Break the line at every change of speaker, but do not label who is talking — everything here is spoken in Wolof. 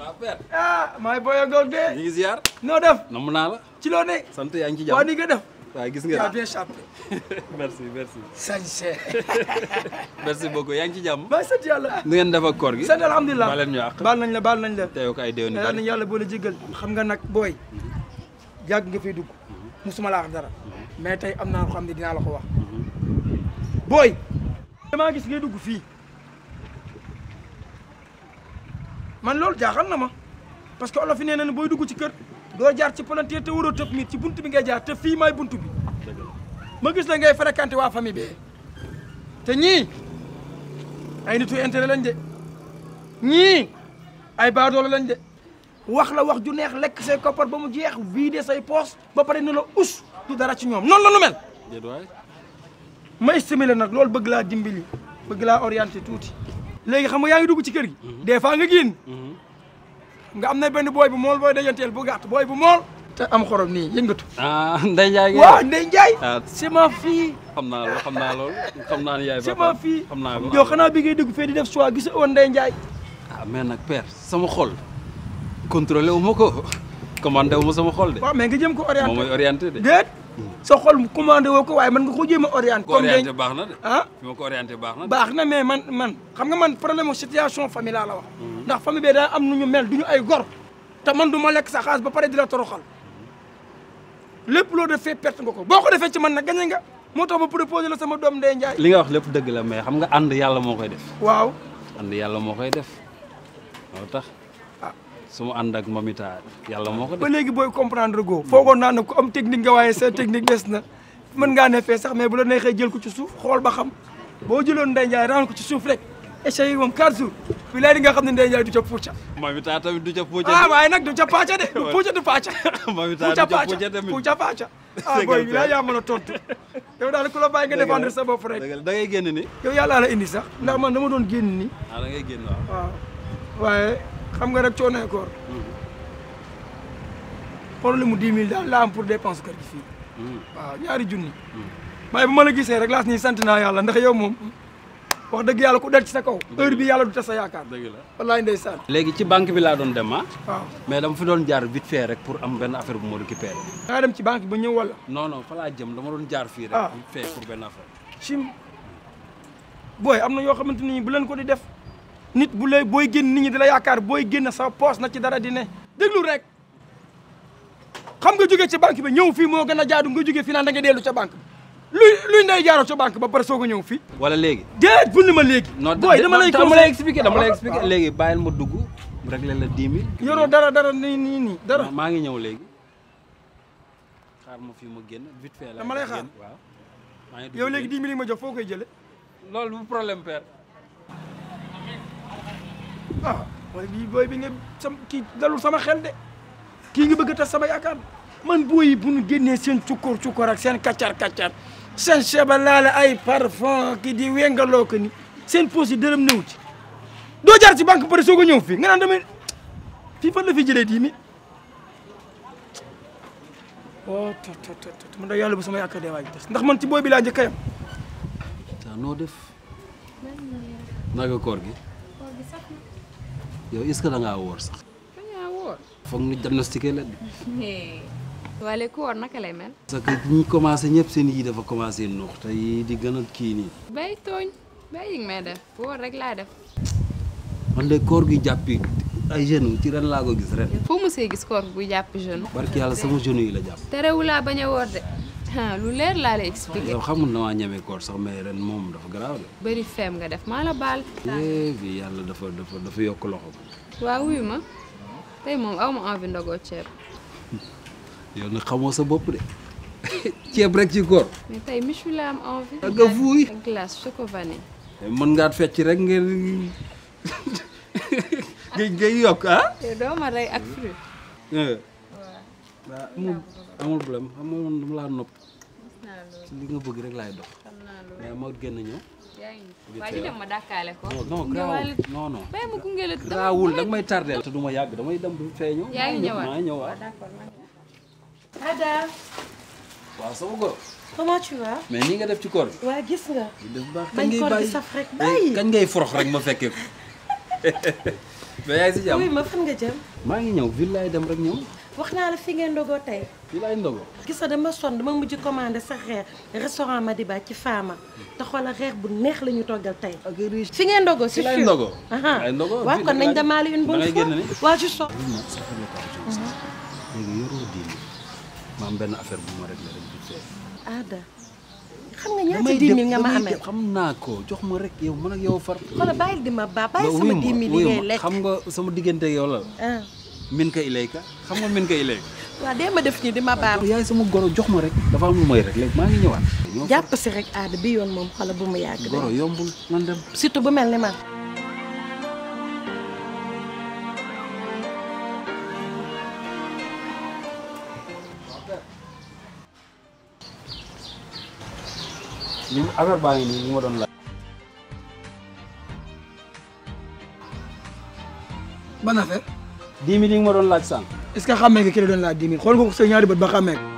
apa père. ah boy booy ak goog de. ñu ngi ziar. noo def. namm naa la. ci loo ne. sant yaa ngi ci jàmm waa ni nga def. waaw gis nga. bien chapé. yang merci. sañse. merci beaucoup yaa ngi ci jàmm.
maa sant yàlla. nu ngeen
def ak koor gi. sant alhamdulilah baal leen ñu àq. baal nañ la baal nañ la. teyoo ko mhm. ay
déwén man lol jaxal na ma parce que olof neena nee na dugg ci keur do jaar ci palanteer te wuro tepp nit ci buntu bi ngay jaar te fi may buntu bi ma gis la ngay fréquenté wa famille bi te ñi ay nitu intérêt lañ dé ñi ay baadoolo lañ dé wax la wax ju neex lek say koppar ba mu jeex vider say poste ba paré ñu la us du dara ci ñom non la nu mel may estimé nak lol bëgg la dimbali bëgg la orienter touti léegi xam nga yaa ngi duggu ci kër gi mhm. des fois nga génn mhm. nga am na benn booy bu mool booy dajanteel bu gàtt booy bu mool te am xorom nii yëngatu ah Ndeye Ndiaye waaw Ndeye
Ndiaye fii ah. ma fille xam naa loolu xam naa ne yaay c'est ma fille xam naa yow
xanaa bi ngay dugg fee di def choix gis woon Ndeye Ndiaye
ah mais nag père sama xol contrôlé wu ma ko commandé wu ma sama xol de waaw
mais nga jëm ko orienté mooy orienté de déet sa xol mu commandé woo ko waaye man nga ko jéem a orienté. baax na de. ah
fi ma ko orienté baax na. baax
na mais man man xam nga man problème mu situation familiale la wax. Mhm. ndax famille bee daa am nu ñu mel du ñu ay gor. te man du ma lekk sa xaalis ba pare di la toroxal mhm. lépp loo defee perte nga ko boo ko defee ci man na gañe nga moo tax ma proposé la sama doom Ndeye Ndiaye. li
nga wax lépp dëgg la mais xam nga ànd yàlla moo koy def. waaw ànd yàlla moo koy def tax. suma and ak momita yalla moko def. ba
legui boy comprendre go Fogo nan ko am technique nga waye sa technique dess na man nga nefe sax mais bu la nexe jël ko ci souf xol ba xam bo jëloon ndey jaay ran ko ci souf rek essayer yi carzu fi lay di nga xam ni ndey jaay du ci pouca
mamita tam du ci pouca ah way nak du ci pacha de pouca du pacha momita du ca puuca tamit pouca pacha
ah, ah boy, la ya yaa mën tontu. yow dal ku la bàyyi nga défendre sa bop rek. da ngay genn ni. yow yalla la indi sax ndax man dama don genn ni. ah da ngay genn wa waaye xam nga rek coonoy koor problème mu dix mille daal laa am pour dépense kër gi fii waaw ñaari junni waaye bu ma la gisee rek laa laas ni sant naa yàlla ndax yow moom wax dëgg yàlla ku
dal ci sa kaw heure bi yàlla du tas sa yaakaar dëgg la wallaay ndeysaan léegi ci banque bi laa doon dem ah waaw mais dama fi doon jaar vite fait rek pour am benn affaire bu ma récupéré da nga dem ci banque ba ñëw wala non non fa laa jëm dama doon jaar fii rek ah. vite fait pour benn affaire chim
am na yoo xamante ni bu leen ko di def nit bu lay boy génn nit ñi dila yaakar boy booy sa poste na ci dara di ne deglu rek xam nga joge ci banque bi ñew fi mo gëna jaadu nga joge fi na nga delu ci banque bi luy luy nday jaaroo ca banque ba par soog a ñëw fii
wala legi deet bu ni ma legi boy dama lay ma lay expliquer dama lay expliquer legi bayal ma duggu rek leen la 10000 yoro dara dara ni ni ni dara ma ngi ñew legi xaar ma fi ma génn vite fait la dama lay xaar waaw yow legi 10000 ma jox fo koy jële lolou
bu problème père ah bi boy bi nga sam ki dalul sama xel de ki nga bëgg a sama yakkar man booy bu ñu génnee seen cukkur cukkur ak seen kaccar kaccar seen cheba laala ay parfum ki di wengaloo ko ni seen poos deureum neew ci do jaar ci banque pare soo ñew fi nga nan dama fi fa la fi jëlé di mi oh tot tot tot man da yalla bu sama yakkar de waaj tas ndax man ci boy bi la jëkay
a def naka koor gi yow est-ce que da ngaa wóor sax. da ngaa wóor. foog ñu diagnostiqué la. wala ku wóor naka lay mel. parce que ñi commencé ñëpp seen yii dafa commencé nuux te yii di gën a kii nii. bay tooñ bay yi may def wóor rek laa def. man de koor gi jàppi ay genoux ci ren laa ko gis ren. foo mu see gis koor guy jàpp genoux. barki yàlla sama genoux yi la jàpp. terewul laa bañ a wóor de. ah lu leer laa lay expliqué. yow xamul na waa ñeme koor sax mais ren moom dafa garaaw de. bëri feem nga def maa la baal. yàlla dafa dafa dafa yokk loxo. waaw wuyu ma tey moom aw ma envie ndogoo ceeb. yow nag xamoo sa bopp de ceeb rek ci koor. mais tey michu la am envie. ak nga fuuy ak glace choco vanille. mën ngaa fecc rek ngeen ngay yokk ah. doo ma rey ak fruit. Eh. waaw amul amul problème xam nga man dama laa nopp. ci li nga bëgg rek laay dox. xam naa loolu mais ma génn ñëw. yaa ngi nii waa ji dem ma
dàkkaale ko. non non non. bàyyi ma gunge la raawul da nga may
tardé. te du ma yàgg damay dem bu feeñu. yaa ngi ñëwaat maa ngi ñëwaat. Ada. waaw sama góor.
comment tu vas.
mais nii nga def ci koor bi. waa gis nga. def baax kañ ngay kan bàyyi saf rek eh, bàyyi. kañ ngay forox rek ma fekkee ko. mais yaa ngi si jàmm. oui ma fan nga jëm. maa ngi
waxna la fi ngeen ndogoo tay fi lay ndogo gissa dama son dama mujj commander sax xex restaurant Madiba ci Fama te xoolal xex bu neex lañu togal tay fi ngeen ndogoo ci fii laay ndogoo
laay ndogoo. waaw kon nañ demaale une bonne fois wa je so léegi yoroo di ma am ben affaire bu ma rek la rek Ada xam nga ñaata dix mille nga ma amé xam naa ko jox ma rek yow man ak yow far. xala bayil di ma ba bay sama dix mille li ngay lek xam nga sama digënté yow la. Ah. min ka ilayka xam nga min ka ilayka. dee ma def nii di ma baax. yaay sama goro jox ma rek dafa am lu rek léegi maa ngi ñëwaat.
jàpp rek aada bi yoon moom xala bu mu yàgg. goro
yombul nan dem. mel ni man. li affaire doon
laaj. 10 000 yi nga laaj sànq. est-ce que xàmmee nga laaj 10 000 xool nga ko sa ñaari bët ba